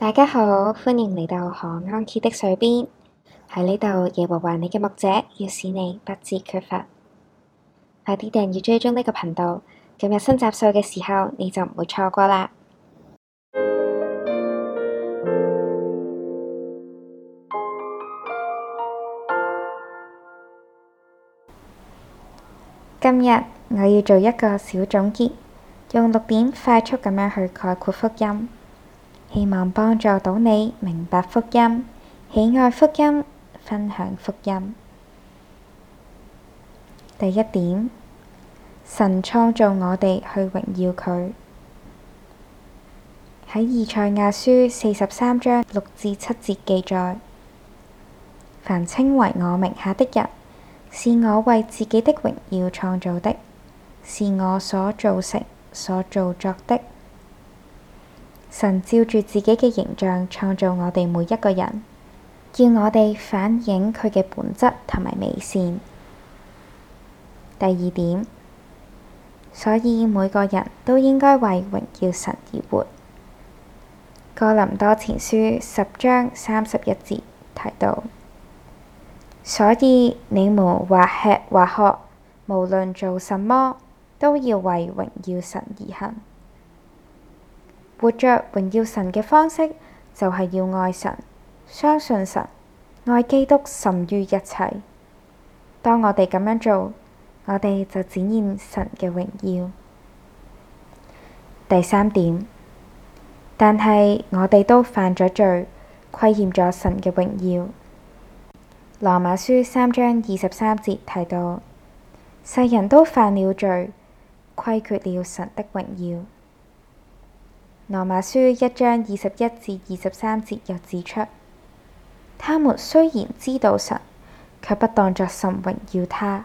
大家好，歡迎嚟到可安歇的水邊，喺呢度，耶和華你嘅牧者要使你不至缺乏，快啲訂閱追蹤呢個頻道。今日新集數嘅時候，你就唔會錯過啦。今日我要做一個小總結，用六點快速咁樣去概括福音。希望幫助到你明白福音、喜愛福音、分享福音。第一點，神創造我哋去榮耀佢。喺《以賽亞書》四十三章六至七節記載：凡稱為我名下的人，是我為自己的榮耀創造的，是我所造成、所造作的。神照住自己嘅形象創造我哋每一個人，叫我哋反映佢嘅本質同埋美善。第二點，所以每個人都應該為榮耀神而活。哥林多前書十章三十一節提到：「所以你們或吃或喝，無論做什麼，都要為榮耀神而行。」活着榮耀神嘅方式，就係要愛神、相信神、愛基督甚於一切。當我哋咁樣做，我哋就展現神嘅榮耀。第三點，但係我哋都犯咗罪，虧欠咗神嘅榮耀。羅馬書三章二十三節提到，世人都犯了罪，虧缺了神的榮耀。羅馬書一章二十一至二十三節又指出，他們雖然知道神，卻不當作神榮耀他，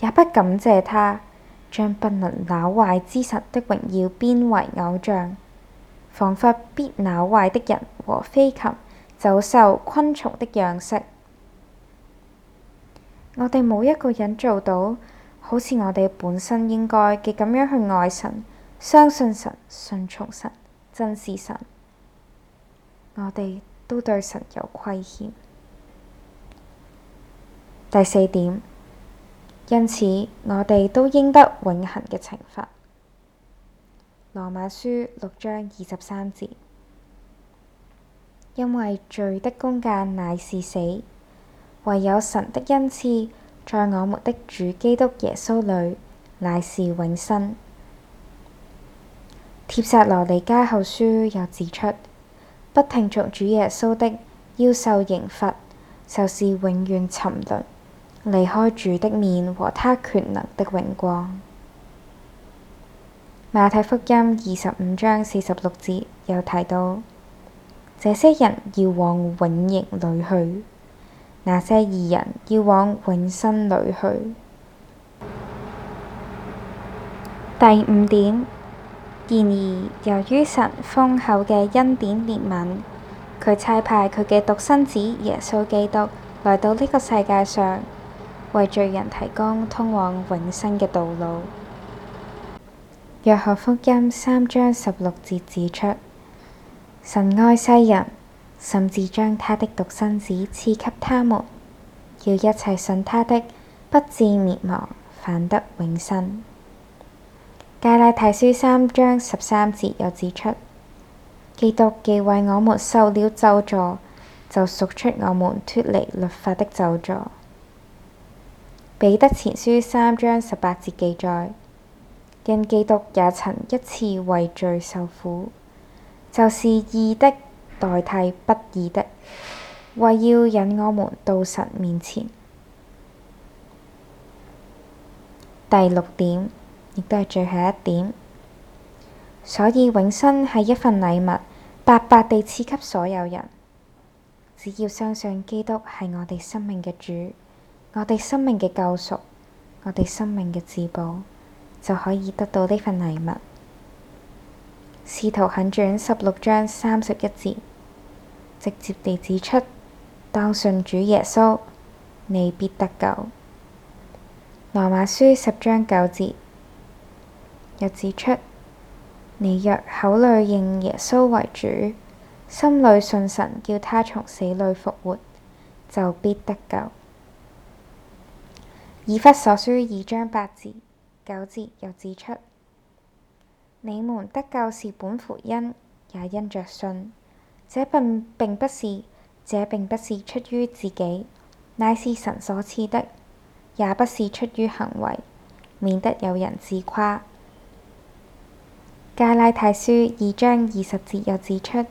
也不感謝他，將不能朽壞之神的榮耀變為偶像，彷彿必朽壞的人和飛禽、走獸、昆蟲的樣式。我哋冇一個人做到，好似我哋本身應該嘅咁樣去愛神、相信神、信從神。真是神，我哋都對神有虧欠。第四點，因此我哋都應得永恒嘅懲罰。羅馬書六章二十三節，因為罪的工價乃是死，唯有神的恩賜在我們的主基督耶穌裏乃是永生。帖撒羅尼迦後書又指出，不聽從主耶穌的，要受刑罰，就是永遠沉淪，離開主的面和他權能的榮光。馬太福音二十五章四十六節又提到，這些人要往永刑裏去，那些義人要往永生裏去。第五點。然而，由於神豐厚嘅恩典憐憫，佢差派佢嘅獨生子耶穌基督來到呢個世界上，為罪人提供通往永生嘅道路。《約翰福音》三章十六節指出，神愛世人，甚至將他的獨生子賜給他們，要一切信他的，不至滅亡，反得永生。加拉太書三章十三節又指出，基督既為我們受了咒詛，就贖出我們脫離律法的咒詛。彼得前書三章十八節記載，因基督也曾一次為罪受苦，就是義的代替不義的，為要引我們到神面前。第六點。亦都係最後一點，所以永生係一份禮物，白白地賜給所有人。只要相信基督係我哋生命嘅主，我哋生命嘅救贖，我哋生命嘅自保，就可以得到呢份禮物。使徒行傳十六章三十一節，直接地指出：當信主耶穌，你必得救。羅馬書十章九節。又指出：你若口裏認耶穌為主，心裏信神，叫他從死裏復活，就必得救。以弗所書二章八字九節又指出：你們得救是本乎恩，也因着信，這並並不是這並不是出於自己，乃是神所賜的，也不是出於行為，免得有人自誇。加拉太書二章二十節又指出：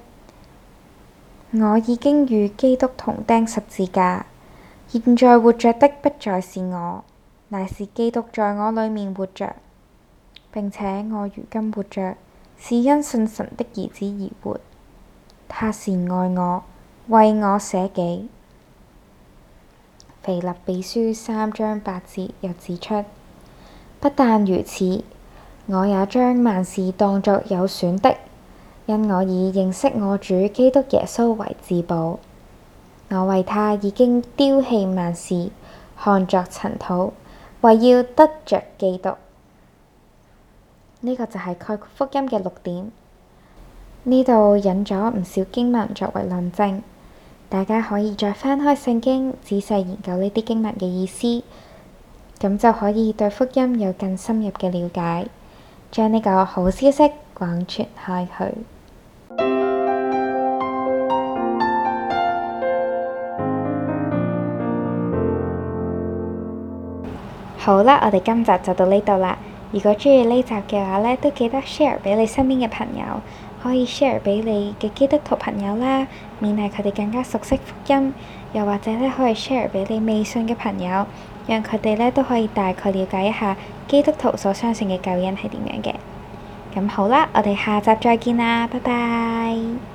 「我已經與基督同釘十字架，現在活著的不再是我，乃是基督在我裡面活著。並且我如今活著，是因信神的兒子而活。他是愛我，為我捨己。腓立比書三章八節又指出：不但如此。」我也將萬事當作有損的，因我已認識我主基督耶穌為至寶。我為他已經丟棄萬事，看作塵土，為要得着基督。呢、這個就係概括福音嘅六點。呢度引咗唔少經文作為論證，大家可以再翻開聖經仔細研究呢啲經文嘅意思，咁就可以對福音有更深入嘅了解。將呢個好消息廣傳開去。好啦，我哋今集就到呢度啦。如果鍾意呢集嘅話咧，都記得 share 俾你身邊嘅朋友，可以 share 俾你嘅基督徒朋友啦，勉勵佢哋更加熟悉福音。又或者咧，可以 share 俾你未信嘅朋友。讓佢哋咧都可以大概瞭解一下基督徒所相信嘅救恩係點樣嘅。噉好啦，我哋下集再見啦，拜拜。